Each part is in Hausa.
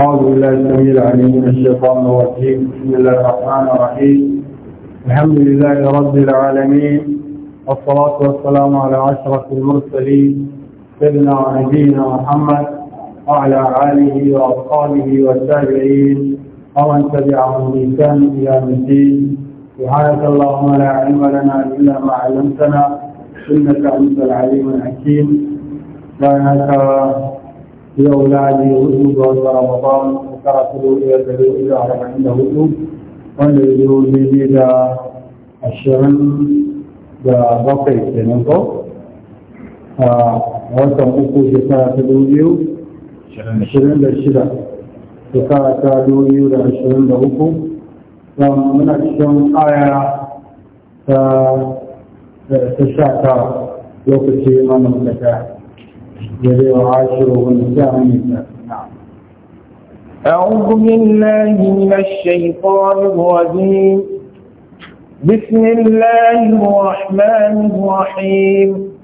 أعوذ بالله السميع العليم من الشيطان الرجيم بسم الله الرحمن الرحيم الحمد لله رب العالمين والصلاة والسلام على أشرف المرسلين سيدنا ونبينا محمد وعلى آله وأصحابه والتابعين ومن تبعهم بإحسان إلى الدين سبحانك اللهم لا علم لنا إلا ما علمتنا إنك أنت العليم الحكيم لا yau lahadi hudu ga wata ramadan shekara ta dubu ɗaya da dubu ɗaya da hudu wanda ya zo daidai da ashirin da bakwai kenan ko a watan uku shekara ta dubu ashirin da shida ta da ashirin da uku ta sha lokaci mana جل وعاشرهن نعم أعوذ بالله من الشيطان الرجيم بسم الله الرحمن الرحيم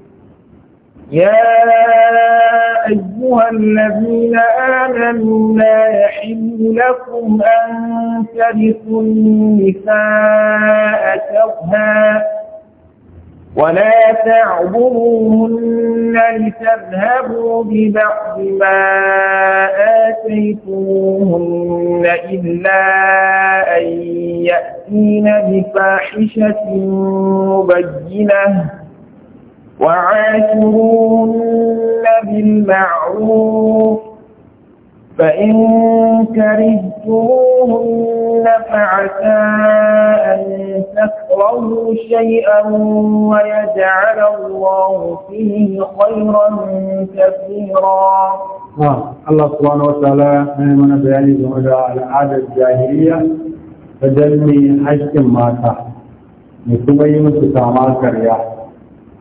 يا أيها الذين آمنوا لا يحل لكم أن ترثوا النساء كرها ولا تعبدوهن لتذهبوا ببعض ما آتيتموهن إلا أن يأتين بفاحشة مبينة وعاشروهن بالمعروف فإن كرهتموهن فعسى أن تكرهوا شيئا ويجعل الله فيه خيرا كثيرا نعم. الله سبحانه وتعالى من بياني جمع على عادة الجاهلية فجلني حجت ماتا نتبعي مستعمال كريا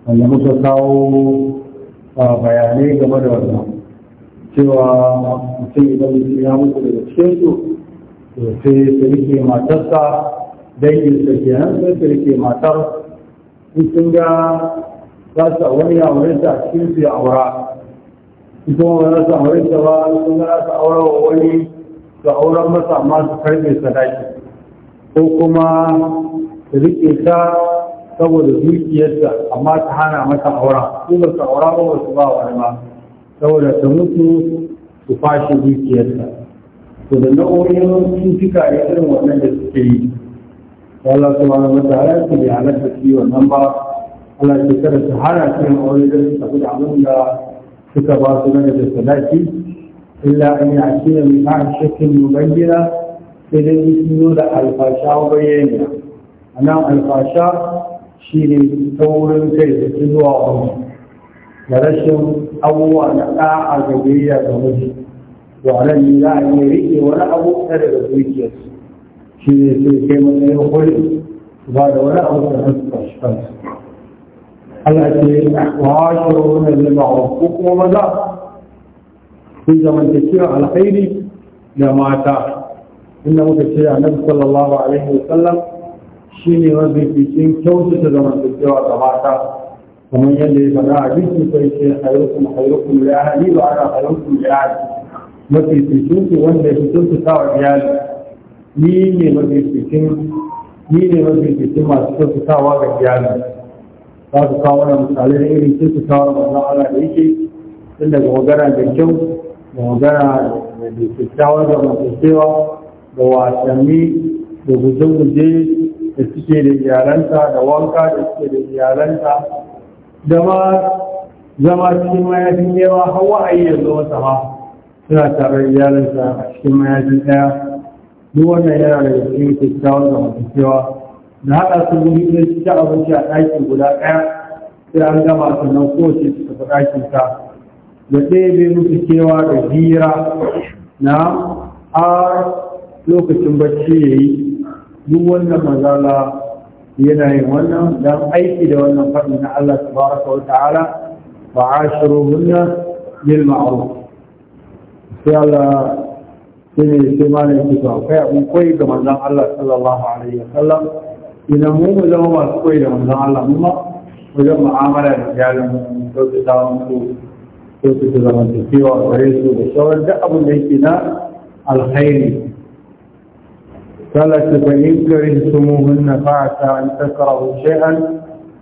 wanda muka kawo bayanai game da wannan cewa mutum idan mutum ya mutu daga cikin su to sai ta rike matarsa danginsa kenan sai ta rike matar in sun ga za su wani ya aure ta a cikin su ya aura in kuma wani za su aure ta ba sun ga za su aura wa wani su aura masa amma su karbe sadaki ko kuma ta rike ta saboda dukiyarta amma ta hana mata aura su ba su aura ba ba su ba wani ba saboda ta mutu su fashe dukiyarsa to da na'o'in cutuka ya irin wannan da suke yi Allah subhanahu wa ta'ala su bi halatta su wannan ba Allah ya kada su hana su yin aure da su tafi da abin da suka ba su da sadaki illa an yi asira mai ka'a shakin mubayyana sai dai yi zo da alfasha bayyana a nan alfasha shi ne taurin kai da zuwa wani da rashin abubuwa na ɗa'a ga biyayya ga miji wa nan za a iya riƙe wani abu ta daga zuciyarsu shi ne sai kai matsayin hulɗi ba da wani abu da nasu ƙarshe kansu Allah ce wa shiru na limawa ko kuma maza sun zamantakewa alkhairi da mata inda muka ce a nan sallallahu alaihi wasallam shi ne mafi cikin kyautata zamantakewa ga mata kamar yadda ya faɗa a jikin sai ce hayarukun hayarukun ya hali ba ana hayarukun ya hali mafi cikin wanda ya fito su wa iyali ni ne mafi cikin ni ne mafi cikin masu kyautatawa ga iyali za su kawo wani misali na irin kyautatawa da manzon Allah da yake tun daga magana da kyau da magana da kyakkyawa da cewa, da wasanni da guje-guje da suke da iyalanta da wanka da suke da iyalanta da ba zama cikin mayafin yawa hawa a yi yanzu wata ha suna tare iyalinsa a cikin mayafin ɗaya duk wannan yana da da kyakkyawan cewa, da haɗa su wuri da cikin abinci a ɗakin guda ɗaya sai an gama sannan kowace su tafi ɗakin ta da bai musu kewa da hira na a lokacin bacci ya yi duk wannan mazala yana yin wannan don aiki da wannan faɗi na Allah tabaraka wa ta'ala fa ashiruhunna bil ma'ruf sai Allah sai ne sai malam yake to kai abin koyi ga manzon Allah sallallahu alaihi wa sallam idan mu mu zama masu koyi da manzon Allah mu ma wajen mu'amala da iyalin mu to su dawo mu to su zama tafiya gare su da shawar duk abin da yake na alkhairi ثلاث فإن كرهتموهن فعسى أن تكرهوا شيئا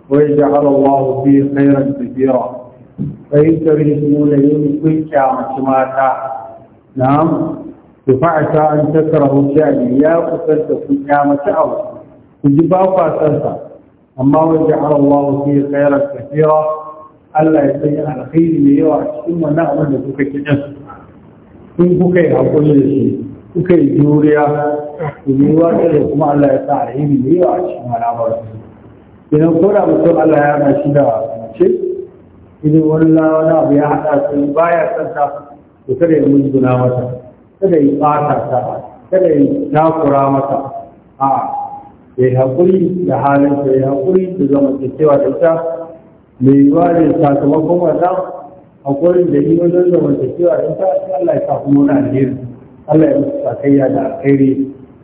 ويجعل الله فيه خيرا كثيرا فإن يوم كل كامة نعم فعسى أن تكرهوا شيئا يا قتلت كل كامة أو تجيبها فأسلتها أما وجعل الله فيه خيرا كثيرا ألا يسيء خير ليوعد ثم نعمل بك كجسد إن بك يقول kuka yi juriya su yi wata da kuma Allah ya sa alheri da yawa a cikin su idan ko da mutum Allah ya na shi da mace idan wani lawana abu ya haɗa su baya santa ta to kada ya munzuna mata kada ya ɓata ta kada ya takura mata a ya yi haƙuri da halin ta ya haƙuri da zama cewa da ita mai yiwuwa ne sakamakon wannan haƙurin da yi wajen zama cewa da ita sai Allah ya sa kuma na alheri Allah ya musu sakayya da alkhairi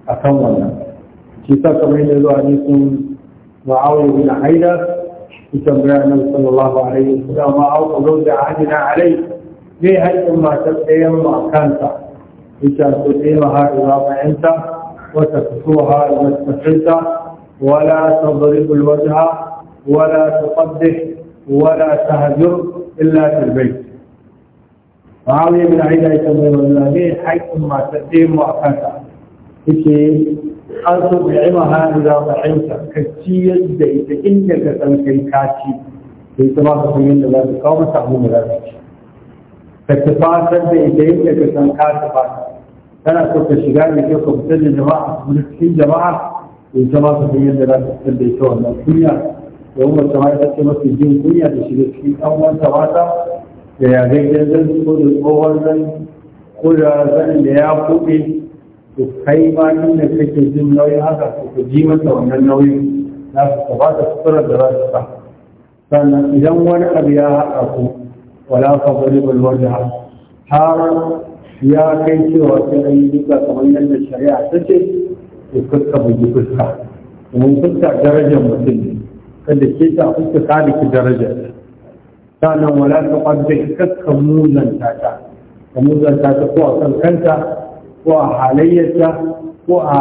a kan wannan shi sa kamar yadda zuwa hadisin ma'awai bin haida shi tambaya nan sallallahu alaihi wa sallam ma'awai zo da ajina alai zai haƙƙin matar ɗayan mu a kansa ita ko tsema har zuwa bayanta wata fitowa wata tafinta wala tadribu alwajha wala tuqaddih wala tahjur illa fil bayt Muawiya bin Aida ya tambaye manzo Allah me haƙƙin matar ɗayan mu a kanta yake an so ku yi maha idza ta'inta ka ci yadda ita inda ka san kai ka ci sai ta ma ka san yadda za ka kawo mata abu da za ka ci ka tafatar da ita inda ka san ka tafatar Kana so ka shiga da kyau ka fitar da jama'a wani cikin jama'a da ita ma ka san yadda za ka fitar da ita wannan kunya domin mace ma ita ce mafi jin kunya da shiga cikin ɗan uwanta mata da ya gaggin zan ko da tsohon zan ko da zan da ya kuɗe to kai ma inda kake jin nauyin haka to ku ji masa wannan nauyin na su ka ba ta suturar da za su sa sannan idan wani abu ya haɗa ku wala ka bari balwar da har ya kai cewa sai an yi duka kamar yadda shari'a ta ce to fuska bugi fuska domin fuska darajar mutum ne kada ke ta fuska ka da darajar sanan wala ta ƙwadda kakka muzanta ta ka muzanta ta ko a kan kanta ko a halayyarta ko a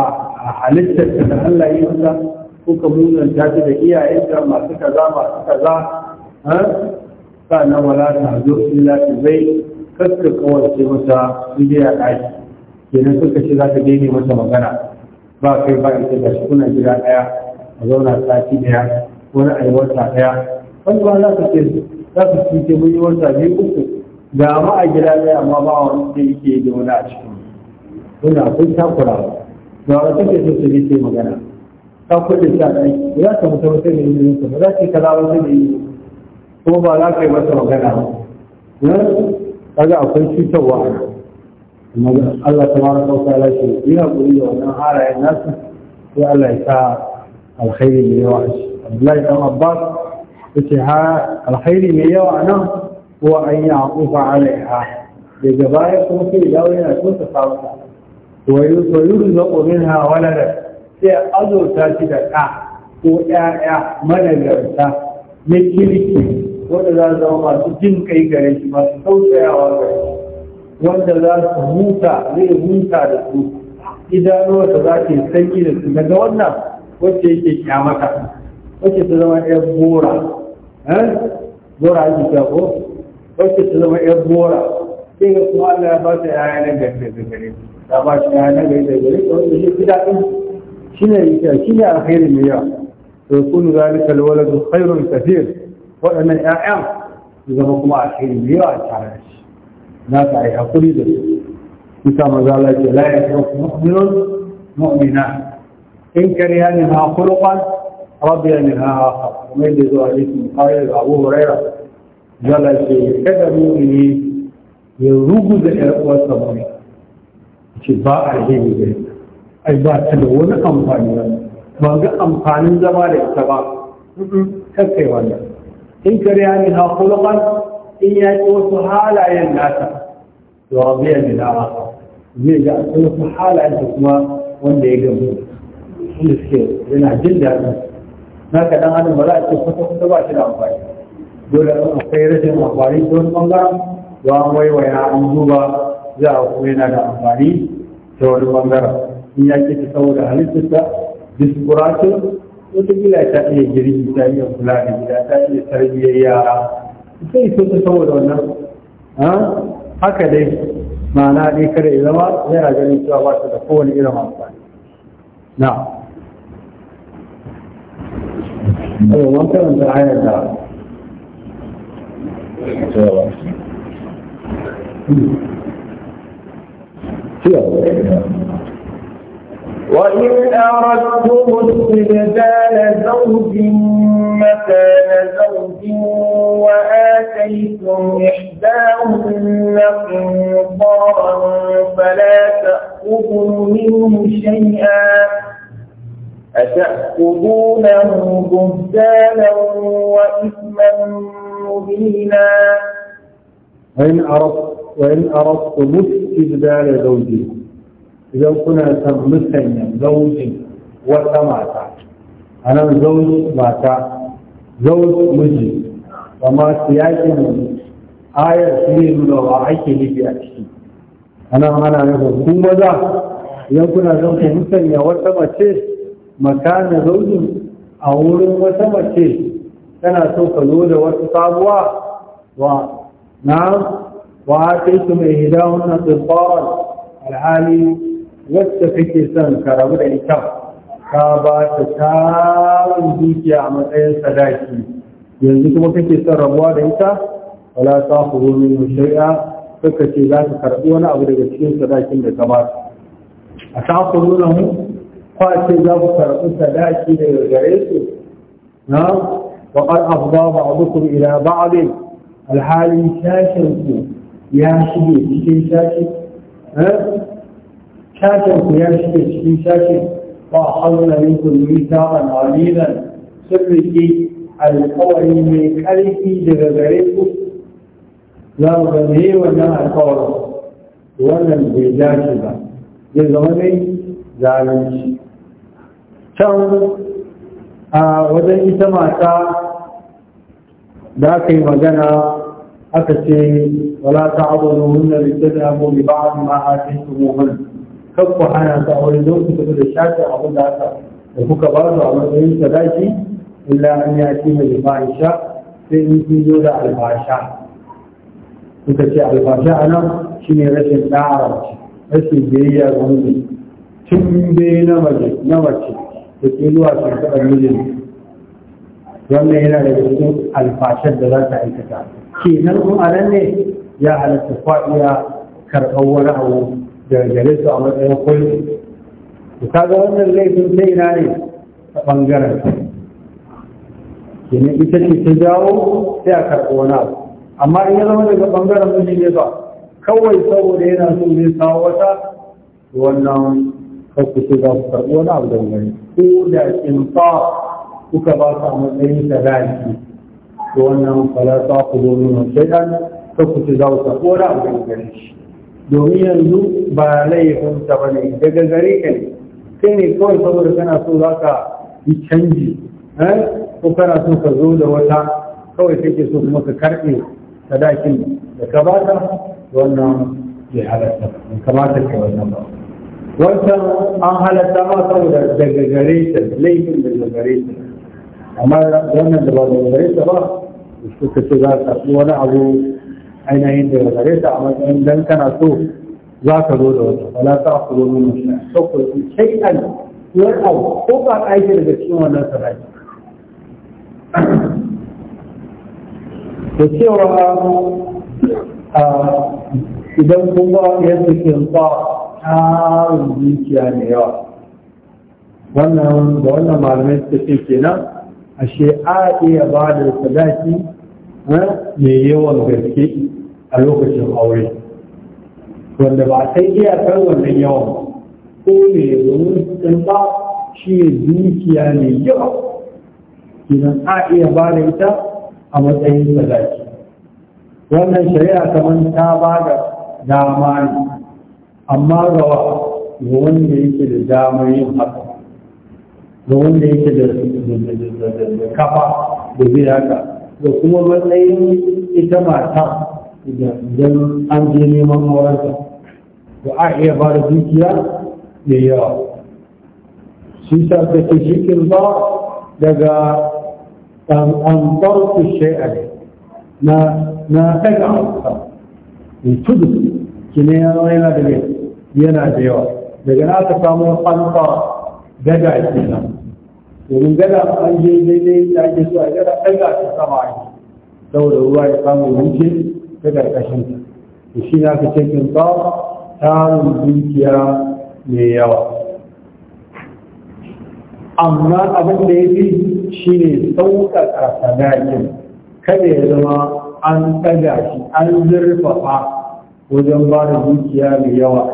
halittarta da Allah yi masa ko ka muzanta ta da iyayenta masu kaza masu kaza sanan wala ta zo illa ta zai kakka kawance masa bidiya ɗaki kenan suka ce za ka daina masa magana ba kai ba ita da shi kuna gida ɗaya a zauna sati ɗaya wani aiwata ɗaya wani ba za ka ce za su cuce mun yi wata biyu uku ga ma a gida ɗaya amma ba wani da yake da wani a cikin wani akwai takurawa ga wani take so su ne sai magana ta kuɗin sa ɗaki za ta mutu wata ne yin ba za ta kaza wata ne yin ko ba za ka yi masa magana ba kaga akwai cutarwa a nan Allah ta mara kauta ya shi yi haƙuri da wannan halayen nasu sai Allah ya sa alkhairi da yawa shi Abdullahi dan Abbas yace ha alkhairi mai yawa nan ko an yi aqufa alaiha daga baya kuma sai dawo yana tosa sawa wa yurzaqu minha walada sai azurta shi da ɗa ko ƴaƴa managarta na kirki wanda za su zama masu jin kai gare shi masu tausayawa gare shi wanda za su huta zai huta da su idanuwarsa za ta yi sanyi da su daga wannan wacce yake kyamata wacce ta zama 'yan bora bora eh? ake cewa ko wacce ta zama yan bora sai ga kuma Allah ya ba ta yaya na gari da gare ta ba shi yaya na gari da gare ta wanda shi fi daɗin shi ne shi ne alkhairi mai yawa to kunu zalika alwaladu khairun kathir waɗannan ƴaƴan su zama kuma alkhairi mai yawa tare da shi na ka yi hakuri da su kisa maza Allah ce la ya kuma mu'minun mu'mina in kariya ne ma khuluqan رضي منها آخر ومجد حديث مقايل أبو هريرة جلس في كذا مؤمني يرغب الإرقوة الصبرية شباء الهيب بيت أي با تدون أمفاني بانك أمفاني زمان اعتبار كيف وانا إن كريانها خلقا إن يأتوس حالا ينعتا ورضي منها آخر zai ga akwai wasu وانا da kuma wanda ya na dan adam ba za a ce kusa kusa ba shi da amfani dole a akwai rashin amfani ta wani bangaren ba an waiwaya an duba za a kuma yana da amfani ta wani bangaren in ya ke ta saboda halittarsa diskuratin wataƙila ta iya girki ta iya kula da gida ta iya tarbiyyar yara sai ta saboda wannan haka dai ma'ana ne kada ya zama yana ganin cewa ba su da kowane irin amfani na أيوة، ما وإن أردتم استبدال زوج مكان زوج وآتيتم إحداهن قنطارا فلا تأخذوا منه شيئا أتأخذونه بهتانا وإثما مبينا وإن أردت وإن أردت استبدال زوجي إذا كنا مثلا زوجي وسماتا أنا زوج ماتا زوج مجي وما سياتي مجي آية سيئة من وعيك لبي أكشي أنا أنا أنا أقول كم وزا إذا كنا زوج مثلا وسماتا makana zaujin a wurin wata mace tana so ka zo da wata sabuwa wa na wa su mai hida wannan tsibbaran alhali wacce kake son ka da ita ka ba ta tarin dukiya a matsayin sadaki yanzu kuma kake son rabuwa da ita wala ta kuro min shari'a kaka ce za ka karɓi wani abu daga cikin sadakin da ka ba a ta kuro na mu فاتي لفتر أسداء كده يجريسي نعم وقد أفضى بعضكم إلى بعض الحال شاشركو يا شبي شكي ها شاشركو يا شبي شكي شاشي فأحضر منكم ميثاقا عليلا سبكي القوري من كالكي جغريسي لا غني ولا قوري ولا بيجاشبا لذلك ذلك can a wajen ita mata da aka yi magana aka ce wala ta abuwa hunna da ta damu bi ba ma a cikin muhun kan ku hana ta wani don ku tafi da shafi abu da aka da kuka ba su a matsayin daji illa an ya ce mai fahisha sai in sun zo da albasha suka ce albasha a nan shine rashin ɗara rashin biyayya ga wani tun bai na mace ku ke zuwa shimfiɗar mijin wannan yana da cikin alfashar da za ta aikata kenan kun a nan ne ya halatta faɗiya karɓar wani abu daga gare su a matsayin kulki ku kaga wannan laifin ta ina ne ta ɓangaren kenan ita ce ta jawo sai a karɓi wani abu amma in ya zama daga ɓangaren mijin ne ba kawai saboda yana so zai kawo wata wannan ku ce za ku karɓi wani abu da wani ko da tsimfa kuka ba su a matsayin sadaki to wannan fala za ku domin nuna shaidan ka ku ce za ku karɓi wani abu da wani domin yanzu ba laifin ba ne daga gare ka ne kai ne kawai saboda kana so za ka yi canji ko kana so ka zo da wata kawai kake so kuma ka karɓe sadakin da ka ba ta wannan bai halatta kamata kai wannan ba wancan an halatta ma saboda daga gare ta laifin daga gare ta amma wannan da ba daga gare ta ba suka ce za ka wani abu ainihin daga gare ta amma in dan kana so za ka zo da wata wala ta ku zo mun shi to ku sai an yar au ko ba daga cikin wannan sarki da cewa ah, idan kuma ya ba tarin dukiya mai yawa wannan da wannan malamai suka ce kenan ashe a iya ba da sadaki eh, mai yawan gaske a lokacin aure wanda ba a iya iyakar wannan yawan ko mai domin sun ba shi ne ya mai yawa kenan a iya ba da ita a matsayin sadaki wannan shari'a kamar ta ba da dama ne amma gawa ga wanda yake da damar yin haka ga wanda yake da kafa da zai haka da kuma matsayin ita mata idan an je neman aurenta ba a iya ba da dukiya da yawa shi sa ta ke shikin ba daga an farko shai'a na na daga hausa tudu kine yana daga yana da yawa daga na aka samu alfa daga kenan domin gada an je daidai da ake so a gada daga ta sama ake saboda ruwa ya samu wuce ta karkashin ta shi na ka ce ta ta dukiya mai yawa amma abin da ya fi shi ne sauƙaƙa sadakin kada ya zama an ɗaga shi an zurfafa wajen ba da dukiya mai yawa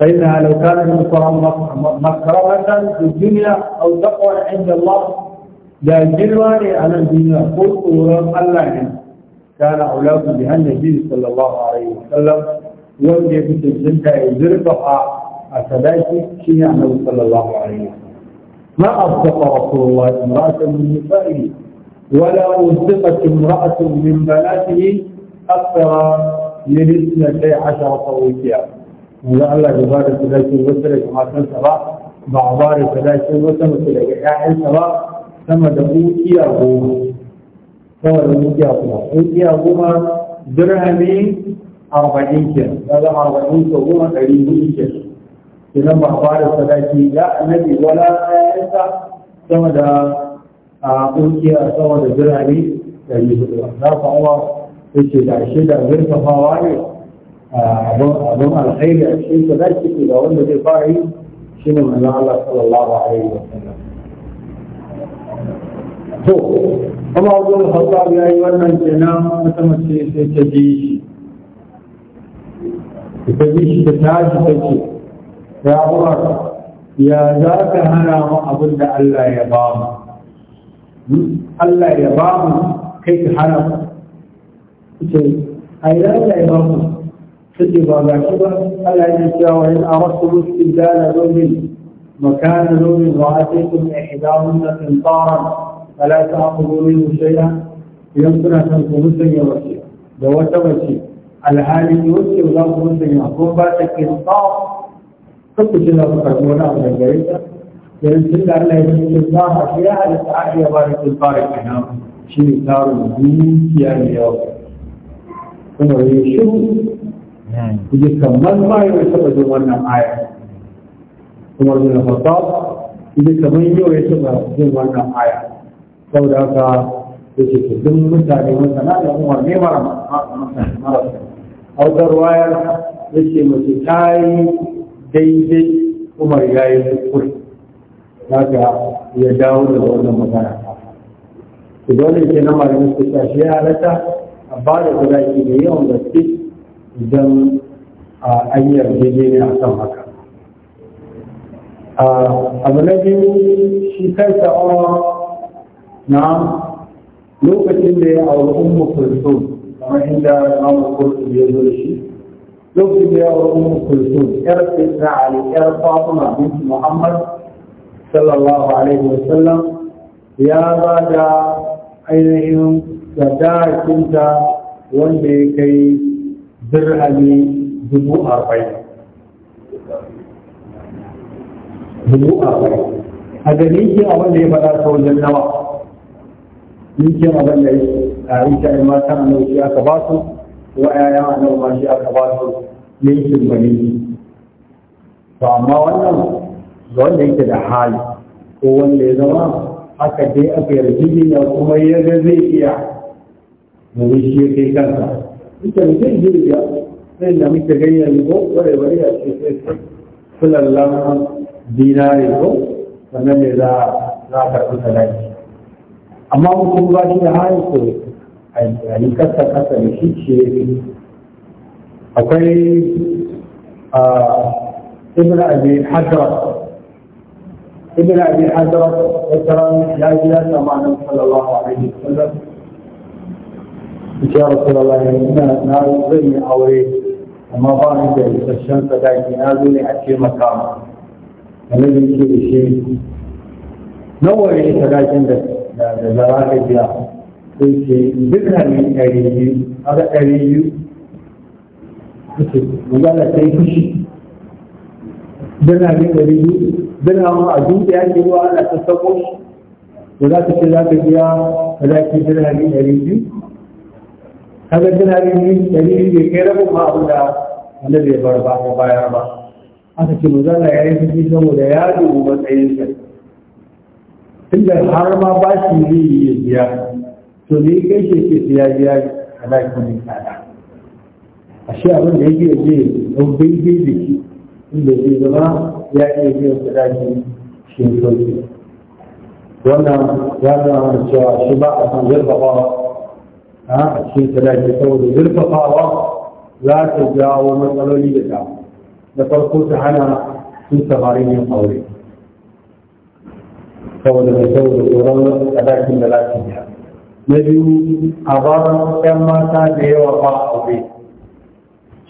فإنها لو كانت مكرمة في الدنيا أو تقوى عند الله لا جلوان على الدنيا قل قرآن الله كان أولاكم بها النبي صلى الله عليه وسلم وجه في الجنة يزرقها أسداتي شيء عنه صلى الله عليه وسلم ما أصدق رسول الله امرأة من نسائه ولا أصدقت امرأة من بناته أكثر من اثنتي عشرة وثياب yanzu Allah bai ba da sadakin wasu daga matansa ba ba a ba da sadakin wasu mace daga 'ya'yansa ba sama da ukiya goma sama da ukiya goma ukiya goma dirhami arba'in ke kaga arba'in ko goma ɗari hudu ke kenan ba a ba da sadaki ya annabi wala ƴaƴansa sama da ukiya sama da dirhami ɗari hudu za ka uwa yake da shi da zurfafawa ne أظن الخير أشيك يعني ذلك إذا أقول لدي فاعي شنو من الله صلى الله عليه وسلم هو أما أظن الخطاب يا أيها من جنام متمسي في تجيش في تجيش تتاج تجي يا أبو رأس يا ذاك هنا ما أظن ألا يبام ألا يبام كيف حرم أي لا يبام كتب ba ga shi ba Allah ya ce wa in مكان لون وآتيكم إحداهن قنطارا فلا تأخذوا منه شيئا يمكن أن تكون يا وشيء لو تمشي الحالي يوسف لا تكون يا أخوان باتك قنطار تبقى جلا تقدمنا على الجريدة لأن سنة الله يجب الله أشياء لتعالي بارك البارك هنا شيء صار مبين في اليوم ثم يشوف kuje kamar ma yau ya taɓa jin wannan aya kuma zai na fata kuje kamar yi wa taɓa jin wannan aya saboda haka ya ce ke duk mutane masana da kuma ne mara mara autar wayar ya ce mace ta yi daidai umar ya yi kuskure haka ya dawo da wannan magana to dole ke na malamin su ta shi ya halatta a ba da guda da yawan gaske don an yarjejeniya a kan haka abu na biyu shi kansa awa na lokacin da ya auri ummu kulsum kamar inda imamu kulsum ya zo da shi lokacin da ya auri ummu kulsum yar sayyidina ali yar fatima binti muhammad sallallahu alaihi wasallam ya ba da ainihin sadakinta wanda ya kai dirhami dubu arba'in dubu arba'in a ga ninkin abin da ya faɗa ta wajen nawa ninkin abin da ya yi ta yi mata a nau'i aka ba su ko a yayan a nau'i mashi aka ba su ninkin ba ninkin to amma wannan ga wanda yake da hali ko wanda ya zama aka dai aka yarjejeniya kuma ya zai iya domin shi ya kai kansa mutum ne zai da muke ganyen ko bari ya ce sai sulallan dinari ko sannan ne za a karɓi sadaki amma mutum ba shi da hali ko a yi kasa kasa da shi ce akwai ibn abi hadrat ibn abi hadrat wata ran ya ji ya sama nan sallallahu alaihi wasallam يا رسول الله إنا نازل أوري أما بعد الشمس تاعي نازل أشي مكان الذي يشيل شيء نور يتراجم لزراعة بيا يشيل ذكر من أريه هذا أريه وقال سيفشي درهم أريه درهم أجود يعني هو أنا تصور ولا تشيل هذا بيا ولكن درهم أريه kaga tana rini dari bai kai rabu ma abin da annabi ya bar ba ko bayar ba aka ce manzo Allah ya yi fushi saboda ya dubu matsayin sa tunda har ma ba shi ne ya biya to ne kai shi ke ya biya ana kuma kada ashe abin da yake je don daidai da shi inda zai zama ya iya biyan sadaki shi sauki wannan ya zama mana cewa shi ba a san yarbawa أشياء تلاقي تقول زرفة طاوة لا تجا ومثلو لي بتاع نقول قوس حنا في سفارين يطوري تقول تقول تقول أداك من ذلك نبي أبار كما تاجه وفاء أبي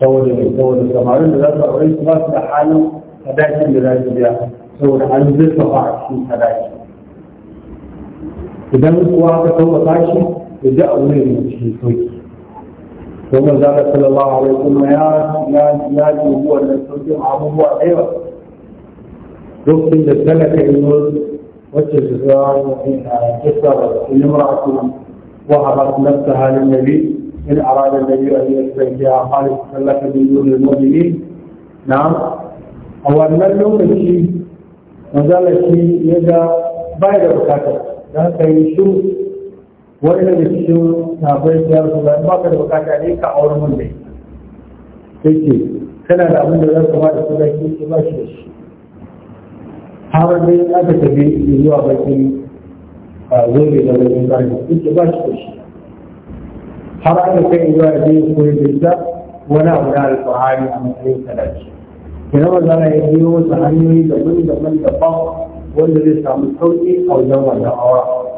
تقول تقول سفارين لا تقول إصلاف لحال أداك من ذلك تقول عن زرفة طاوة في سفارين إذا هو بدأ من التوحيد ثم قال صلى الله عليه وسلم يا يا يا هو التوحيد عام هو أيوة ركن الثلاثة إنه وجزاء من كسر المرأة وهبت نفسها للنبي إن أراد النبي أن يستجيها خالص ثلاثة من دون المؤمنين نعم هو أن اليوم الشيء ما زال الشيء يجا بعد بكاته لا تيشوف wani daga cikin sabai ya rasu da ba ka da bukata ne ka aure mun dai sai ce kana da abin da za ka da su zaki ce ba shi da shi har dai aka tafi zuwa bakin zobe da bakin karfi sai ce ba shi da shi har aka kai zuwa da zai koyi da ita wani abu na alfahari a matsayin sadaki kina mazana ya biyo wasu hanyoyi daban-daban daban wanda zai samu sauƙi a wajen wannan awa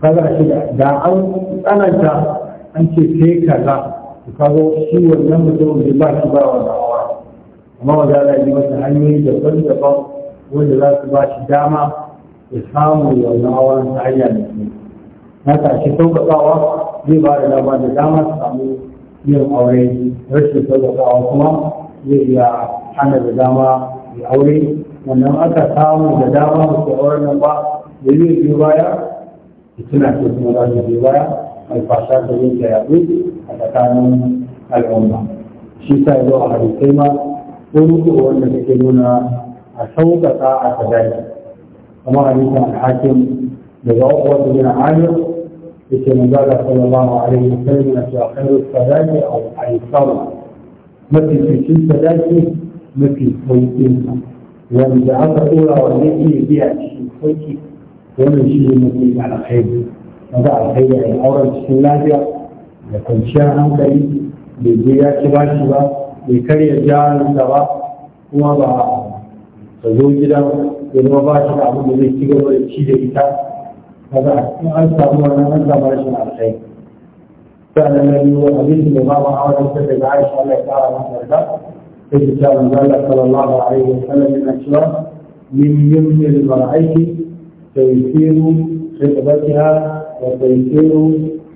kaga shida da an tsananta an ce sai kaza kaga shi wannan mutum ba shi ba wa dawa amma wanda za yi masa hanyoyi daban-daban wanda za su ba shi dama ya samu wannan hawan ta hanya da ke na tashi sauƙaƙawa zai ba da dama da dama su samu yin aure rashin sauƙaƙawa kuma zai iya hana da dama ya aure wannan aka samu da dama mutu auren nan ba da yi biyu baya suna ce kuma za su je baya alfasha ta yi da yaɗu a tsakanin al'umma shi sa yau a hadisai ma ko mutu wanda take nuna a sauƙaƙa a sadaki kuma a da za a wasu yana amir yake ba sallallahu alaihi wa sallam na rufe khairu sadaki yi sauka mafi cikin sadaki mafi sauƙin wanda aka tura wanda yake biya cikin sauƙi ومن شيء مثيل على الخيل نضع الخيل على الأورج في النادية لكل شيء عمري لذي يكبر شبا لكي يجعل الدواء ووضع فزوج له للمباشر عبد الله يستيقظ ويشيد إيتا هذا أكثر من أجل أمور من أجل على الخيل فعلا النبي هو حديث بابا عوض السيد العائشة عليه تعالى رحمه الله فإذا كان صلى الله عليه وسلم من أشرف من يمن المرأيك تيسير خطبتها وتيسير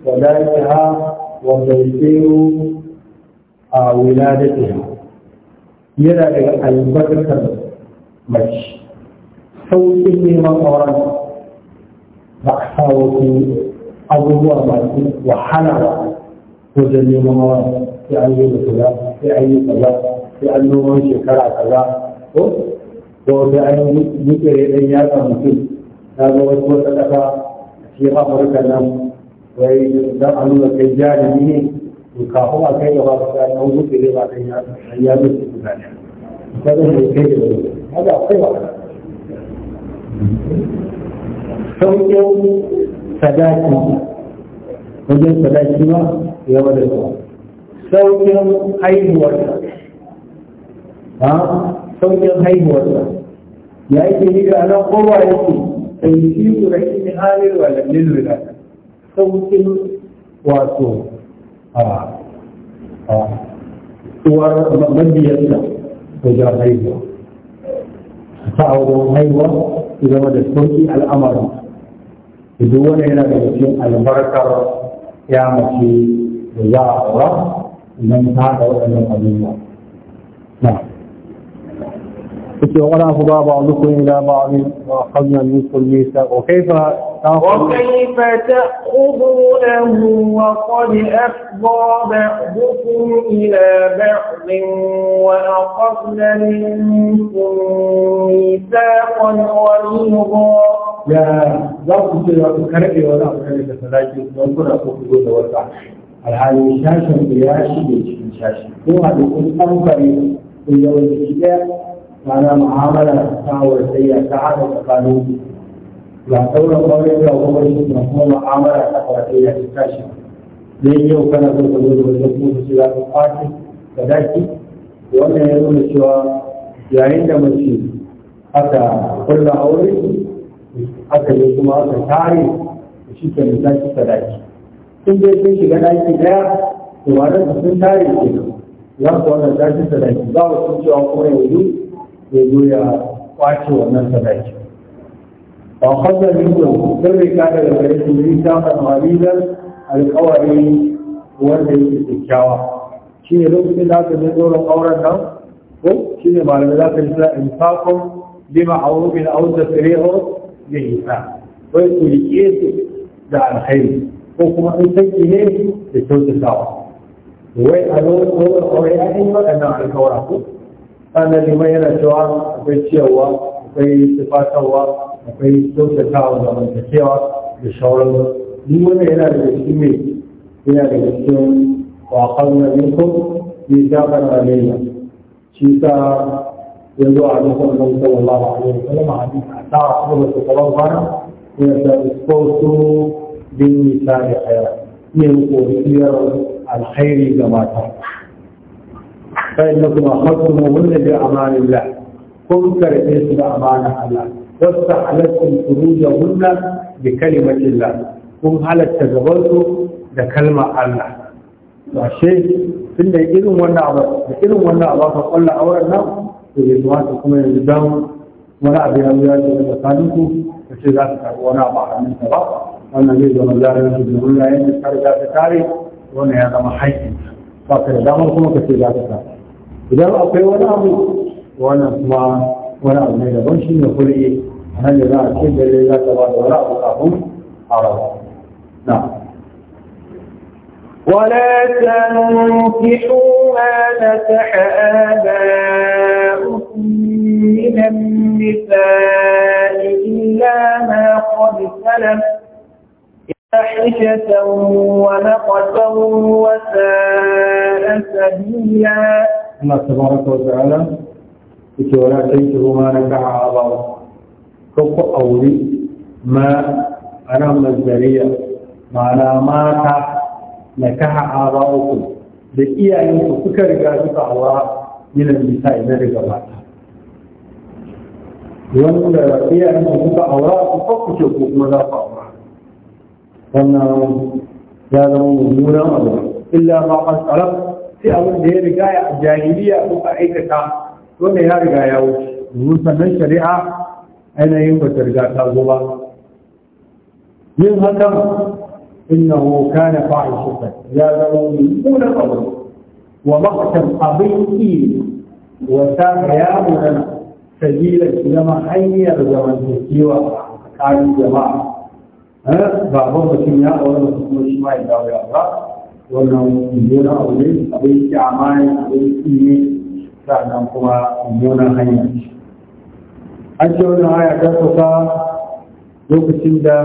آه، ولادتها وتيسير ولادتها يرى البكر مش توسيني مطورا بحثاوتي أبوه أمامي وحلوة وجني مطورا في أي مطورا في أي مطورا في أنه من شكرا كذا وفي أي مطورا na ga wani wata ƙasa a cikin amurka nan wai don a nuna kai jarumi ne to kafin a kai gaba ka An wuce ne ba kan ya zuci mutane ta zai kai kai da wani haka akwai wa sauƙin sadaki wajen sadaki ba ya wada zuwa sauƙin haihuwarsa ha sauƙin haihuwarsa ya yake ni da nan kowa yake ɗari biyu saukin wato a a uwar haihuwa ta haihuwa su zama da sauki al'amarin duk yana da cikin albarkar ya da za ba idan waɗannan abubuwa. إذ ولا خضاء بعضكم إلى بعض وأخذنا منكم ميثاقا وكيف وكيف تأخذونه وقد أفضى بعضكم إلى بعض وأخذنا منكم ميثاقا غليظا يا ذاك الشيء كرهي ولا أخذك فلاكي وأنكر أخذ ولا alhalin shashin ya shige cikin shashi ko hadisin an mana mu'amala ta wasayya ta hada tsakanin su ba sauran kwarin da kuma shi ba kuma mu'amala ta wasayya ta tashi zai yau kana son ka da wajen kuma su shiga kwaki da daki wannan ya nuna cewa yayin da mace aka kulla aure aka yi kuma aka tare shi ke misali da daki in je sun shiga daki daya to ba sun tare ke za su wannan tashi sadaki ba wa sun cewa kuma yanzu ya zo ya kwace wannan sadaki ba kwallon rikin sun rika daga gare su yi samun walilan alkawari wanda yake kyakkyawa shi ne lokacin da aka je tsoron auren nan ko shi ne malamai za ka jira in sakon bima a wurin auta sireho da isa ko su rike su da alkhairi ko kuma in sanki ne da kyautatawa wai a lokacin tsoron aure an yi waɗannan alkawara ko أنا لما هنا شواء أكوي شيء هو صفات هو أكوي سوء شكاة هو أكوي بشعور الله لما هنا لجسمي هنا لجسم وعقلنا منكم بإجابة علينا شيطا يدعو عليكم الله صلى الله عليه وسلم حتى أصبح سبحانه وتعالى إن تسقط بالنساء خيرا ينقل خيرا الخير جماعته فإنكم أخذتم من بأمان الله قم كرئيس بأمان الله وافتح لكم خروج هن بكلمة الله قم هل تجبرت لكلمة الله وشيء فإن إذن ولا أبقى إذن ولا أبقى قل أولنا ورضواتكم من الزام ولا أبي أولاد من مكانكم فشي ذات تقوانا بعض من سبق وأن أبي ومزار نجد من الله يجب تاري ذات تاري وأن هذا ما حيث فأكد دامكم وكشي ذات تاري إذا أقوى ولا أقوى وأنا أسمع من البنش هل لا أكيد اللي ولا أقوى أقوم نعم ولا تنكحوا ما نكح آباؤكم من النساء إلا ما قد سلم فاحشة ونقصا وساء سبيلا الله تبارك وتعالى يتولى تيته ما نبع عضاو كف أولي ما أنا مزدرية ما أنا ما نكح عضاوكم بإيه أن تفكر جاهزة الله من النساء من الجبات وأن هي أن تكون أوراق فوق شوك مذاق أوراق وأن هذا إلا ما قد طلبت ya من هدم إنه كان فاعل شفا لا ذروا من أول قبر ومختم قبيئي وساق يامنا سجيلة لما حيني أرزم أن تسيوى كان الجماعة بعضهم كمياء ولم تكون شماعي داوي أبراك wannan mummunan abu ne abin kyama ne abin ki ne sannan kuma mummunan hanya an ce wannan haya ta kusa lokacin da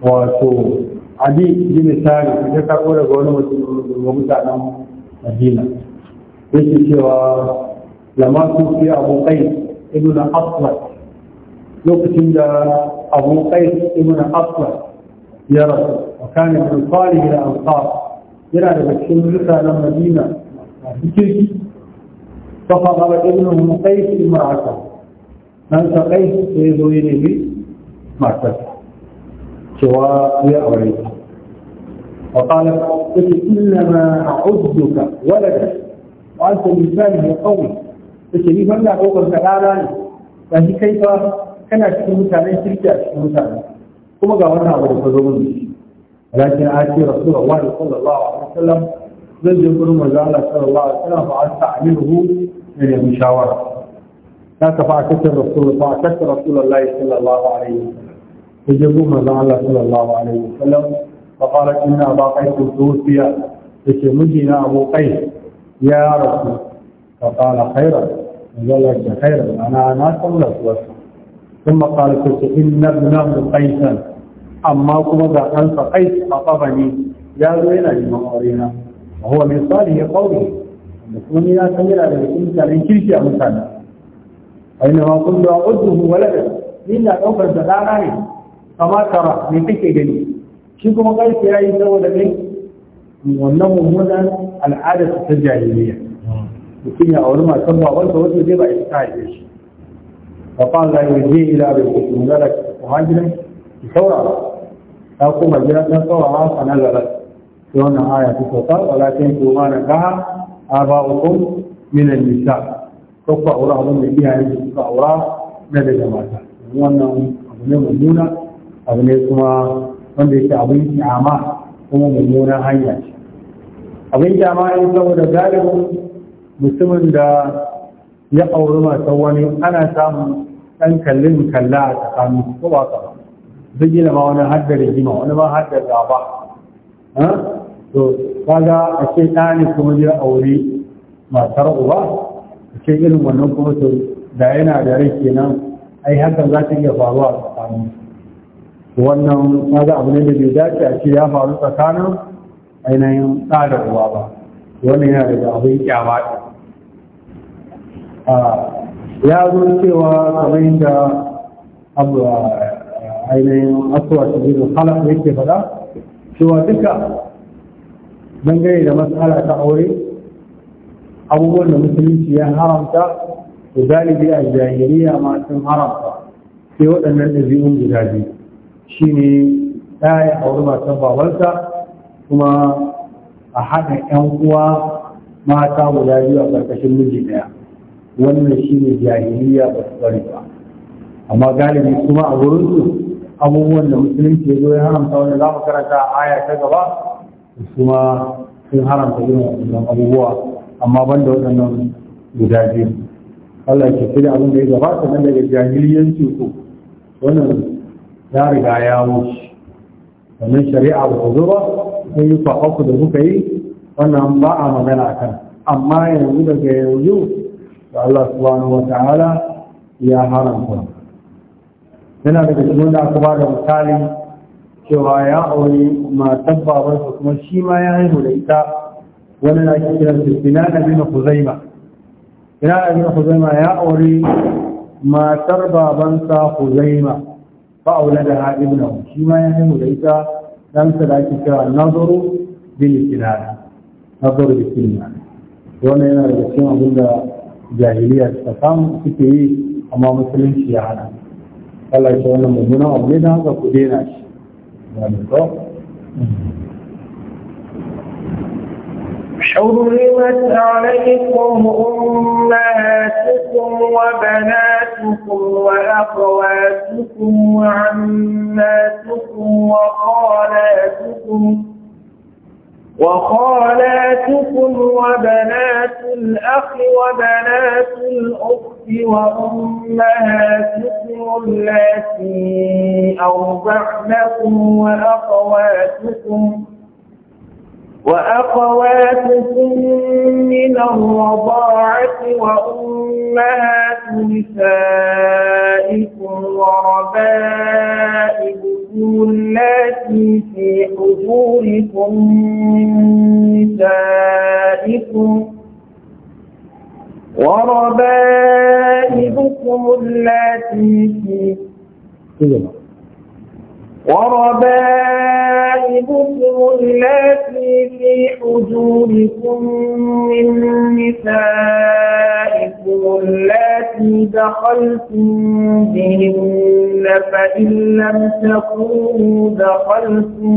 wato ali misali, sari ya karɓo daga wani mutum mutanen madina yake cewa lama su fi abu kai ibn aswad lokacin da abu kai ibn aswad ya rasu وكان من القاله إلى أنصار إلى نبكين لسى لما دينا بكيش فقضر ابنه قيس في المعركة أنت قيس في ذوينه في معركة سواء يا أوليك وقال إنما أعزك ولك وأنت لسانه قوي قلت لي فلا أقول لك لا فهي كيف كان أشكي متعلم تلك أشكي متعلم ثم قال هذا أقول لك لكن آتي رسول الله صلى الله عليه وسلم لن يقول مزالة صلى الله عليه وسلم فأستعمله من المشاورة لا تفعكت الرسول فأكت رسول الله صلى الله عليه وسلم يجبوا مزالة صلى الله عليه وسلم فقال إن أبا قيس توفي فشمجنا أبو قيس يا رسول فقال خيرا قال لك خيرا أنا أنا صلى وسلم ثم قال فشمجنا أبو قيس amma kuma ga ɗansa kai a ƙafa ne ya zo yana neman aure na a huwa min ya qawli da kuma ni na san yana da mutanen kirki a mutane aina ma kun da wala da ni na ɗaukar da ɗana ne kama tara me kake gani shi kuma ƙarfi ya yi da ne wannan mummunan al'adar ta jahiliya mutum ya auri ba wanda wata zai ba ita ta haife shi ila لا يجي da kuma gidan ki saurara ta kuma gidan ɗan tsawawa a nazarar ta wannan aya ta sauka walakin ma na ga a ba uku minan nisa ko ku aura abin da iyayen su suka aura na daga mata wannan abu ne mummuna abu ne kuma wanda yake abin kyama kuma mummunan hanya ce abin kyama ne saboda galibin mutumin da ya auri matan wani ana samun ɗan kallin kalla a tsakanin ko ba ka ba zai gina ma wani haddar rigima wani ma haddar gaba to kaga a ce ɗani kuma zai aure matar uba a ce irin wannan kuma to da yana da rai kenan ai hakan za ta iya faruwa a tsakanin wannan kaga abu ne da bai dace a ce ya faru tsakanin ainihin ɗa da uba ba wannan yana daga abin kyama ya zo cewa kamar yadda abu ainihin asuwa ta zai halaf da yake faɗa cewa duka dangane da matsala ta aure abubuwan da musulunci ya haramta da galibi a jahiliya ma sun haramta sai waɗannan ɗabi'un guda biyu shine ɗaya wani matan babansa kuma a haɗa 'yan uwa mata guda biyu a ƙarƙashin miji ɗaya wannan shine jahiliya ba su bari ba amma galibi kuma a wurinsu abubuwan da musulunci ya zo ya haramta wanda za mu karanta a aya ta gaba kuma sun haramta irin abubuwa amma ban da waɗannan guda biyu Allah ke fi da abin da ya gabata nan daga jahiliyanci ko wannan ya riga ya wuce sannan shari'a ba ta zo ba sai yi kwakwakku da kuka yi wannan ba a magana a kan amma yanzu daga yanzu da Allah subhanahu wa ta'ala ya haramta yana daga cikin da aka ba da misali cewa ya aure matan babarsa, kuma shi ma ya haihu da ita wani na ake kiran su binana bin huzaima da bin huzaima ya aure matar babansa huzaima fa aula da ha ibnu shi ma ya haihu da ita dan sa da ake kira nazaru bin kinana nazaru bin kinana wannan yana daga cikin abin da jahiliya ta samu suke yi amma musulunci ya hana الله ya ce wannan mummunan abu حرمت عليكم أمهاتكم وبناتكم وأخواتكم وعماتكم وخالاتكم وخالاتكم وبنات الأخ وبنات الأخت وأمهاتكم التي أرضعنكم وأخواتكم وأخواتكم من الرضاعة وأمهات نسائكم وربائكم التي في حجوركم وربائبكم التي في وربائبكم التي في حجوركم من نسائكم التي دخلتم بهن فإن لم تكونوا دخلتم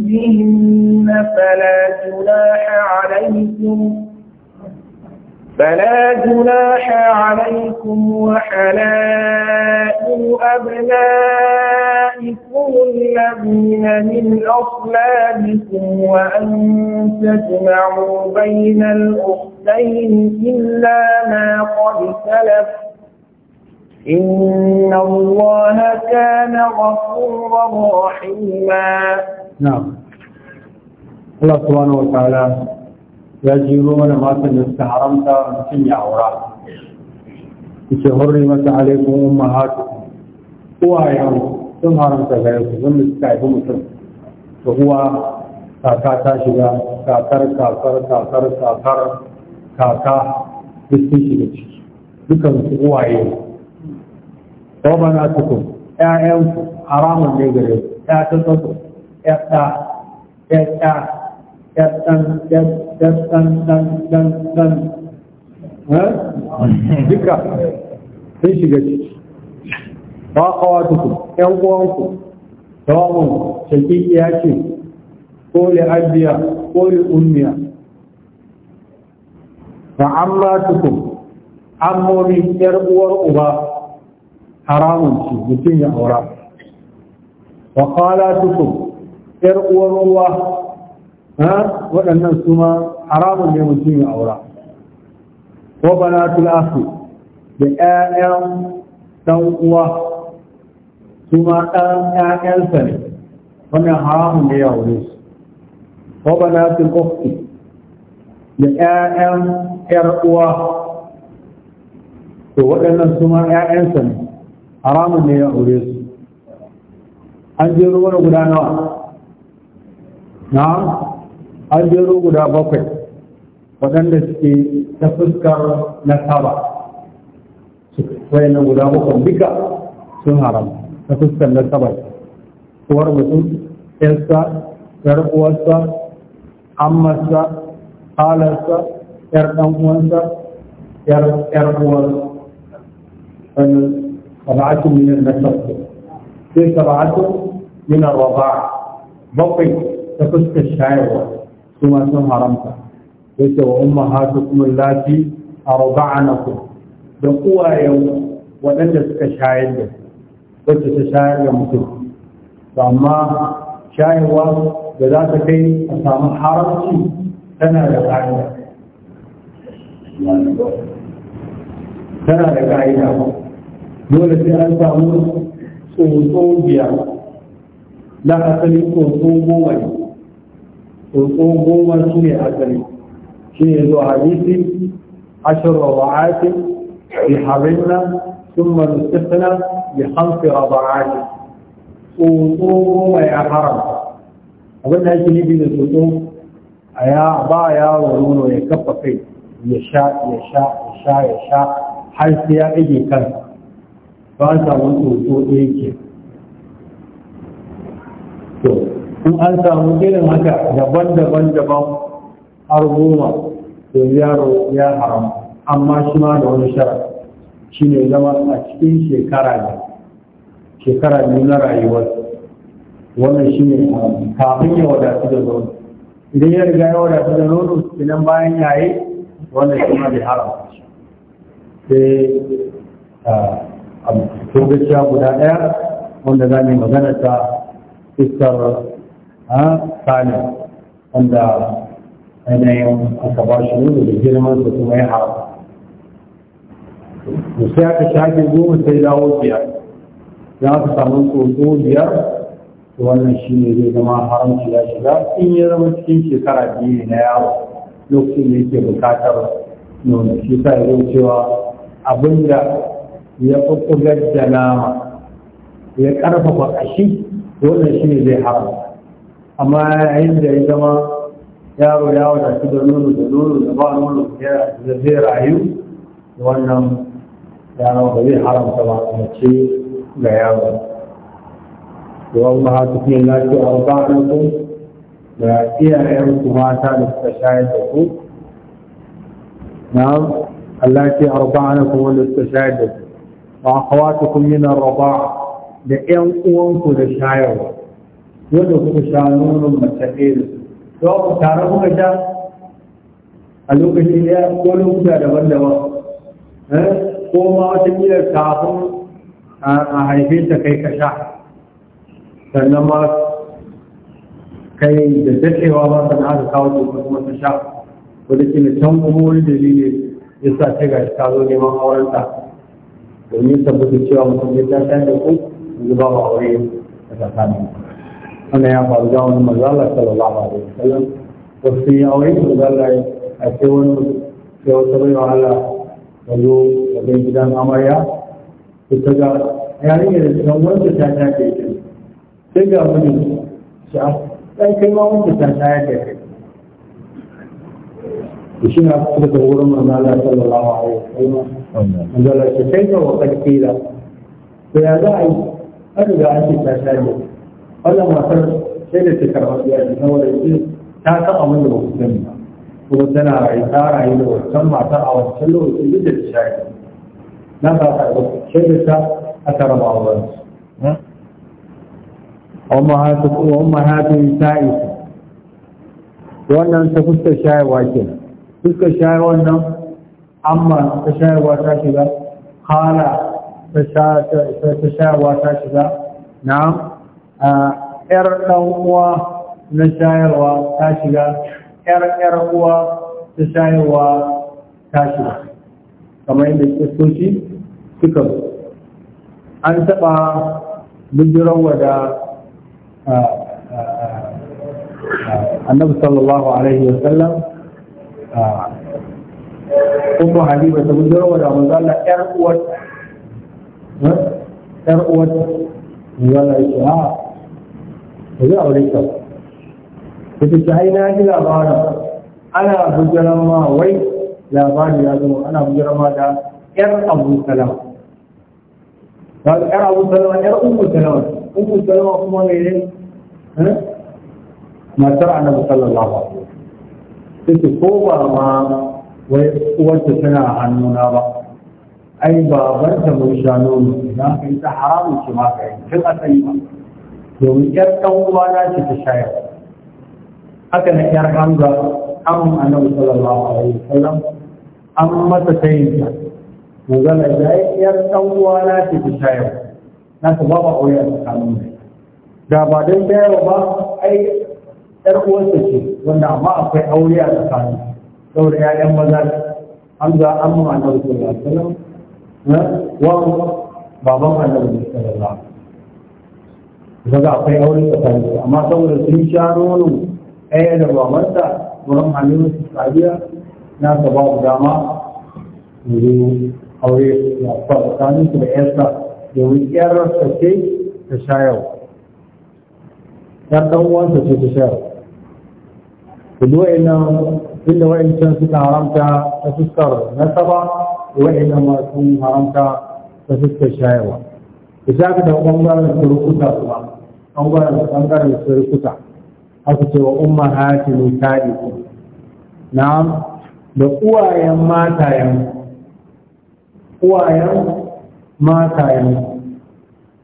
بهن فلا جناح عليكم فلا جناح عليكم وحلائل أبنائكم الذين من أصلابكم وأن تجمعوا بين الأختين إلا ما قد سلف إن الله كان غفورا رحيما نعم الله سبحانه وتعالى يا جيرونا ما تنسك حرمتا ونسم يا عورا إيش هرمت عليكم أمهاتكم هو أيام يعني ثم حرمتا غيرك ثم نسكاي بمسلم فهو كاكا تاشيغا كاكر كاكر كاكر كاكر كاكا بستيشيغا بكم هو أيام ربناتكم يا أيام حرام الميغرين يا تنسكم يا تا يا تا يا تا يا تا dan dan dan dan dan duka sun shiga ciki ba kawa tuku ƴan uwanku tawawun shakikiya ce ko li'abiya ko li'ummiya fa amma tuku ammomi ƴar uwar uba haramun ce mutum ya aura wa kala tuku ƴar uwar uwa ha waɗannan su ma haramun ne mutum ya aura ko banatul akhi da ƴaƴan dan uwa su ma ɗan ƴaƴansa ne wannan haramun ne ya aure su ko banatul ukhti da ƴaƴan ƴar uwa to waɗannan su ma ƴaƴansa ne haramun ne ya aure su an je ruwa guda nawa an jero guda bakwai waɗanda suke ta fuskar nasaba wayannan guda bakwai duka sun haram ta fuskar nasaba uwar mutum yarsa yar uwarsa ammarsa halarsa yar ɗan uwansa yar yar uwarsa wannan sab'atu min an-nasab sai sab'atu min ar-radaa bakwai ta fuskar shayarwa su sun haramta yake wa umma kuma a ummahatukum na ku. da uwayen waɗanda suka shayar da wacce ta shayar da mutum to amma shayarwa da za ta kai a samu haramci tana da ƙa'ida tana da ƙa'ida dole sai an samu tsotso biyar na asali tsotso goma ne turko goma su ne asali shi ne zuwa hadisi ashirin raba'ati bi harinna sun manustafina bi hamsin raba'ati tsotso goma ya haramta abin da ake nufi da tsotso a ya ba yaro nono ya kafa kai ya sha ya sha ya sha ya sha har sai ya ɗage kansa ba an samu tsotso ɗaya ke in an samu irin haka daban-daban daban har goma to yaro ya haram amma shi ma da wani shara shi ne zama a cikin shekara ne shekara ne na rayuwar wannan shi ne kafin ya wadatu da nono idan ya riga ya wadatu da nono idan bayan yayi wannan shi ma bai haram sai a kogaciya guda ɗaya wanda za mu magana ta iskar a salim wanda ainihin aka ba shi nuna da girman da kuma ya haɗa da sai aka shafe goma sai dawo biyar za ka samu tsotso biyar wannan shi ne zai zama haramci ya shiga in ya zama cikin shekara biyu na yawo lokacin da yake bukatar nuna, shi sa ya cewa abinda ya kukkugar da nama ya ƙarfafa kashi wannan shi ne zai haramta amma yayin da ya zama yaro ya wadatu da nono da nono da ba nono da zai rayu da wannan yaro ba zai haramta ba mace ga yaro yawan ma haka fiye lafi a ba'anku da iyayen ku mata da suka shayar da ku na'am Allah ce arba'anakum wanda suka shayar da ku wa akhawatukum min ar-raba'a da ƴan uwanku da shayarwa da kuka sha nonon mace ɗaya da su tare kuka sha a lokaci ɗaya ko lokuta daban-daban eh, ko ma wata miyar kafin a haife ta kai ka sha sannan ma kai da daɗewa ma sana aka kawo dokar kuma ta sha wata kila can kuma wani dalili ya sa ta gashi ta zo neman aurenta domin tabbata cewa mutum ya ta sha da ku zuba wa aure a tsakanin أنا أرجعون مزالة صلى الله عليه وسلم وفي أوين مزالة أتون يوصلوا على وضوء وبين كلام أمريا تتجا يعني نوان تتاتا كيكي تجا مني شعب لكن ما هو تتاتا كيكي وشين أفضل تقول مزالة صلى الله عليه وسلم مزالة كيكي وقد قيل فيا داعي أرجع أنت تتاتا كيكي wannan matar sai da ta karɓar yaji saboda yanzu ta san abin da ba ku sani ba kuma tana rayu ta rayu da wancan matar a wancan lokacin duk da ta shayi na ta karɓar sai da ta aka raba auren su wamma hatun sa'i wannan ta fuskar shayarwa ke fuskar shayarwa nan amma ta shayarwa ta shiga hala ta shayarwa ta shiga na? a ‘yar uwa na shayarwa ta shiga ‘yar uwa ta shayarwa ta shiga kamar yadda kistoci suka an taɓa bijirarwa da annabi sallallahu alaihi wasallam kuma habiba ta bijirarwa da manzala ‘yar uwar ‘yar hm, uwar manzala ya ce ah, هذا وليكم فتجهينا إلى غارة أنا بجر ما وي لا غارة يا أنا بجر ما دا إر أبو سلام قال إر أبو سلام إر أم سلام أم سلام أقوم عليه ما ترى النبي صلى تتكوبا ما ويقوات سنة عن منابا أي بابا تمشانون هناك إنت حرام الشماكين كل أسيبا domin yar ɗan uwana ce ta shayar haka na yar hamza an ana sallallahu alaihi sallam an masa tayinta manzala da yar ɗan uwana ce ta shayar na ta ba ba aure a tsakanin da ba don bayarwa ba ai yar uwarsa ce wanda amma akwai aure a tsakanin saboda 'ya'yan maza hamza an mu ana sallallahu alaihi sallam wa baban annabi sallallahu alaihi wasallam zaga akwai aure tsakanin su amma saboda sun sha nono ɗaya da babarsa don hannun su tsariya na ta ba dama yanzu aure ya fa tsakanin su da yarsa domin ta ce ta shayarwa yar ɗan uwansa ce ta yau. ku duwa nan inda wa'ancan suka haramta ta fuskar nasaba wa'annan ma sun haramta ta fuskar shayarwa ku shaka da ɓangaren surukuta su ba an da ɓangaren surkuta aka ce wa umma hati ne ta'i na da uwayen matayen uwayen matayen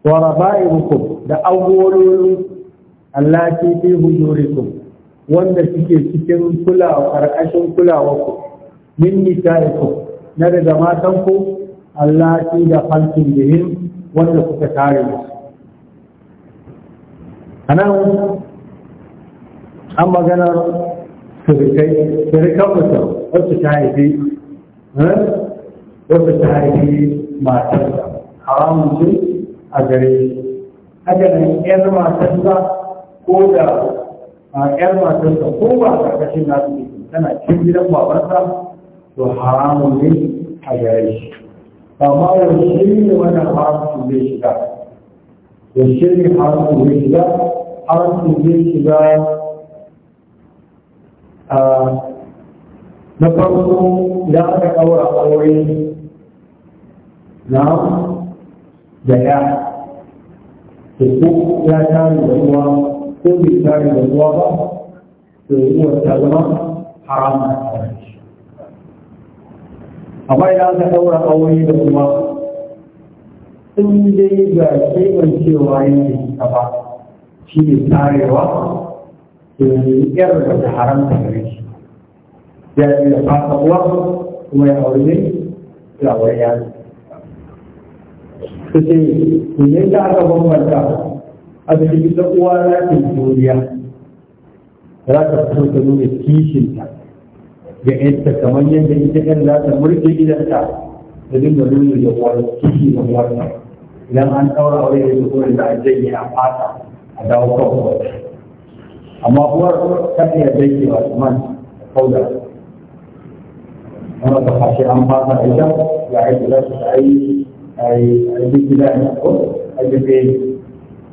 wara wa raba'ibukum da agololin allati fi ku wanda suke cikin kulawa ƙarƙashin kulawa ku min nisaikum na daga matan ku allati da falkin bihin wanda kuka tare musu a nan an maganar sirikai sirikan mutum wacce ta haifi eh, wacce ta haifi matarsa haramun ce a gare shi 'yan nan matarsa ko da 'yan matarsa ko ba karkashin nasu ne tana cikin gidan babarsa to haramun ne a gare shi amma wani shi ne wannan haramun zai shiga yaushe ne haramun zai shiga haramun zai shiga na farko idan aka ɗaura aure na da ya ko ya tari da ruwa ko bai tari da ruwa ba to ruwa ta zama haramun amma idan aka ɗaura aure da kuma in dai ba kebancewa yake ka ba shi ne tarewa da ne da ta haramta gare shi ya yi da fasa uwa kuma ya aure ne ya aure ya su ce ne ta aka bambanta a cikin da uwa na ke duniya za ta fito ta nuna kishinta ga yadda kamar yadda ita kan za ta murke gidanta da dinga nuna da uwa kishi da idan an ɗaura aure ya zuwa da zai a fata a dawo kawai amma uwar ta iya zai wa man kauda kuma ta fashe an fata a ita ya aiki za su ayi ayi gida ne ko aiki fe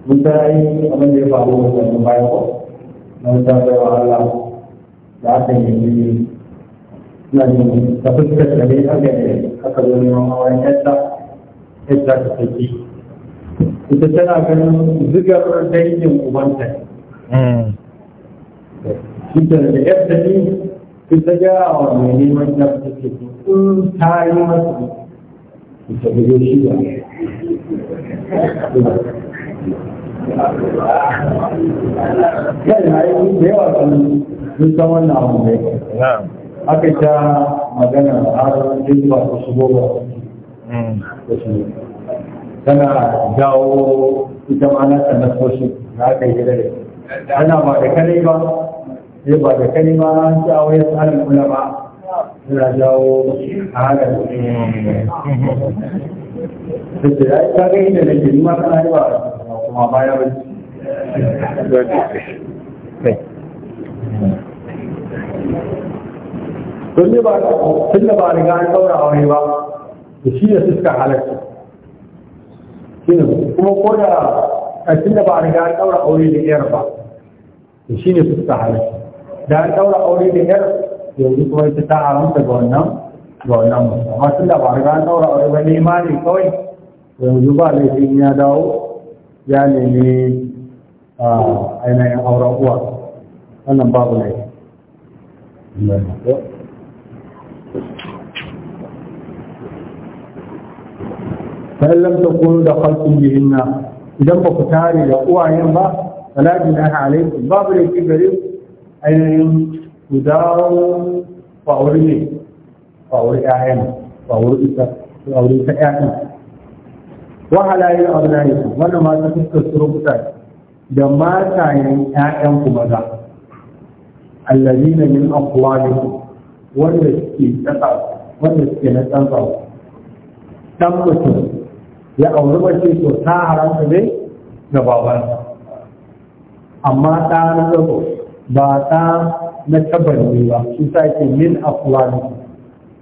mun ta yi abin da ya faru da wannan bayan ko na wata bai wa Allah da aka yi ne na ne ta fuskar da ne aka yi aka zo neman auren yadda yadda ta fi ita tana ganin zigar dangin ubanta hmm. shi da da ne ni ta gyara a wani neman ya ta ce in ta yi masu ita da yau shi ba yan na yi da yawa sun sun san wannan abu ne aka ta magana har yin ba su shigo ba da hmm. shi tana dawo ita ma na sanar soshi na aka yi da Ana ba da kare ba sai ba da kare ma an jawo ya tsarin ulama suna dawo a halar da ke da ita ga inda da ke nima kana yi ba kuma baya ba tun da ba riga an saura wani ba da shi da suka halarci shin kuma ko da ƙarshen da ba a riga an ɗaura aure da yar ba to shi ne fuska halarci da an ɗaura aure da yar yanzu kuma ita ta haramta ga wannan ga wannan mutum amma tun da ba a riga an ɗaura aure ba nema ne kawai yanzu ba laifin ya dawo ya nemi ainihin auren uwa wannan babu laifi. فإن لم تكونوا دخلتم بهن إذا بكتاري لأقوى ينبع فلا جناح عليكم باب الكبير أن يداروا فأوريه فأوري أعينا فأوري فأوري فأعينا وحلائل أبنائكم وأنا ما تفكر سرقتك da matayen ‘ya'yanku maza, allazi na min akwaliku wanda suke tsaka wanda suke na tsansa ɗan mutum ya auri mace to ta haramta ne ga babansa amma ɗa na zago ba ta na tabbani ba shi sa yake min afwan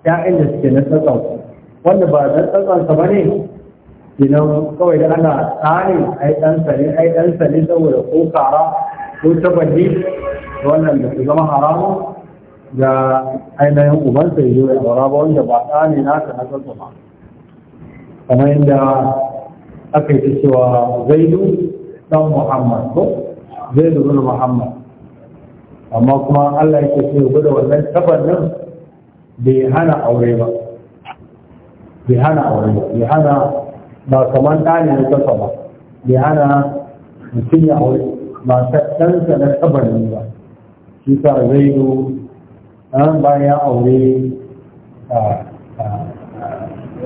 ya inda suke na tsatsan wanda ba na tsatsan ba ne idan kawai da ana tsari ai dan ne ai dan ne saboda ko kara ko tabanni wannan da su zama haramun ga ainihin ubansa yi yi a wara ba wanda ba ɗa ne nasa na tsatsa ba kamar yadda aka yi cewa zaidu dan muhammad ko zaidu bin muhammad amma kuma allah yake ce gudu wannan taban nan bai hana aure ba bai hana aure ba bai hana ba kamar ɗani na kasa ba bai hana mutum ya aure ba ta ɗansa na taban ba shi sa zaidu bayan aure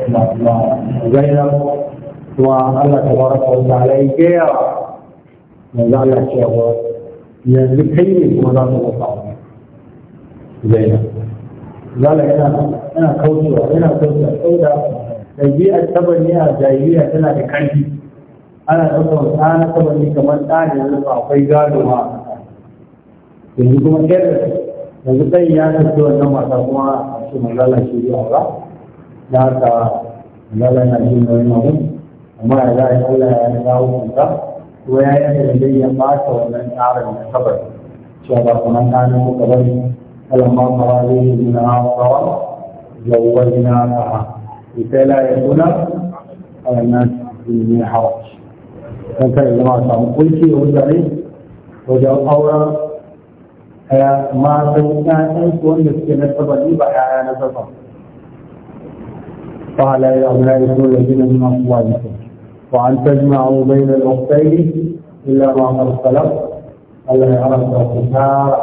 Zainab kuma Allah ta ya gaya cewa yanzu kai ne kuma za ka roƙa Zainab zala yana yana kaucewa yana kaucewa saboda ɗabi'ar tabanni a jahiliya tana da ƙarfi ana ɗaukar tsana na tabanni kamar ɗa ne akwai gado ma yanzu kuma ɗaya yanzu ɗan ya tafi wannan mata kuma a ce manzala shi ba ذاك لنا الجن والمهم وما لا يقول لا يقول لا ويأتي لدي الله ومن أعلم من قبل شهد ومن كان مقبل فلما قال لي من أعطاه زوجنا لها لكي لا يكون على الناس من حرج فانت إذا ما صام قلت وجعي وجع الأورى ما سوكا أنت ومسكنا الصبر إيبا يا نصر قال يا أولئك الذين من أصوالكم وأن تجمعوا بين الأختين إلا ما قد خلق ألا يعرف الخسارة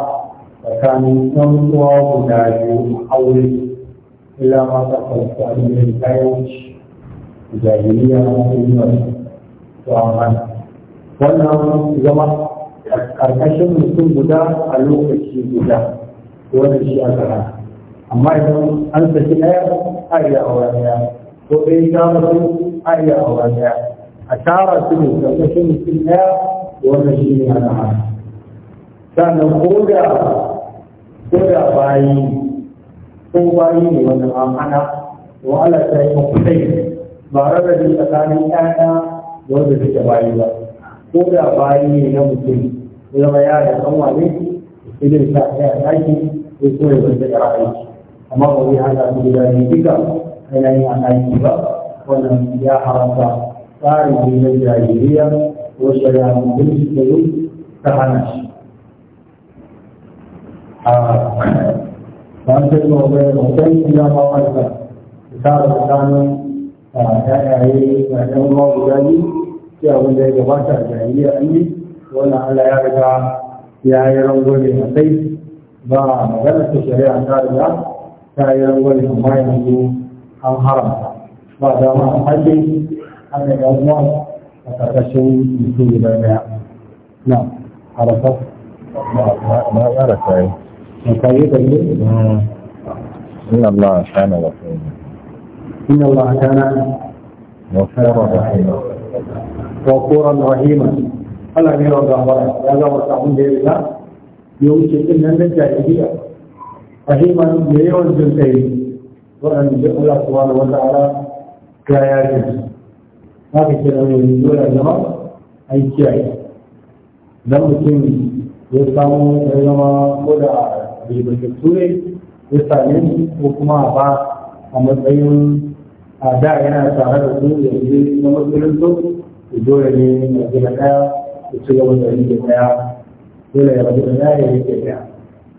وكان يمسوى بداية محول إلا ما قد سلف من البيت الجاهلية وأمان wannan zama karkashin mutum guda a lokaci guda wannan shi a amma idan an saki ɗaya a iya aura ɗaya ko ɗaya ta mutu a iya aura ɗaya a tara su ne ƙarƙashin mutum ɗaya wannan shi ne ana hana sannan ko da ko da bayi ko bayi ne wannan an hana to Allah ta yi makusai ba da tsakanin ɗaya wanda suke bayi ba ko da bayi ne na mutum zama ya da kanwa ne sai sa ɗaya ɗaki ko kuma ya zama ɗaya aiki. أمر بهذا في بدايتك حين بكر ولم يحرك خارج من الجاهلية والشياطين بالسجود تهنش وأنت آه. المغفر المغفر إلى ما قلت بسار الإنسان يعي الله بذلك في أول ذلك واسع الجاهلية عندي وأنا لا يرجع يعي رجل السيف ما غلط الشريعة الشارعة tayar wani amma yanzu an haramta ba da ma a hajji ana yan uwa a ƙarƙashin mutum guda ɗaya na harasa na ƙara kayi na kayi da ne إن الله كان غفورا إن الله كان غفورا رحيما غفورا رحيما الله يرضى عنك هذا وسعهم بإذن الله يوشك أن الجاهلية rahiman da yawan jin kai waɗanda jin Allah kuma da wata ala ya yaje haka ke da mai dole zama an kiyaye don mutum ya samu ya zama ko da ribatattu ne ya same ko kuma a ba a matsayin a da yana tare da su da yi na su da dole ne a gina ɗaya da ci gaba da rike ɗaya dole ya rabu da ɗaya ya rike ɗaya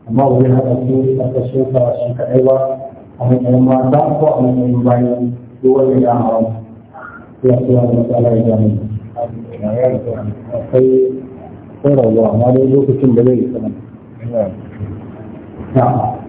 Mau bila itu atau suka suka Ewa, kami memang dapat menyembah dua yang Allah. Tiap tiap masalah yang kami. Tapi terlalu banyak itu kecil beli. Ya. Yeah.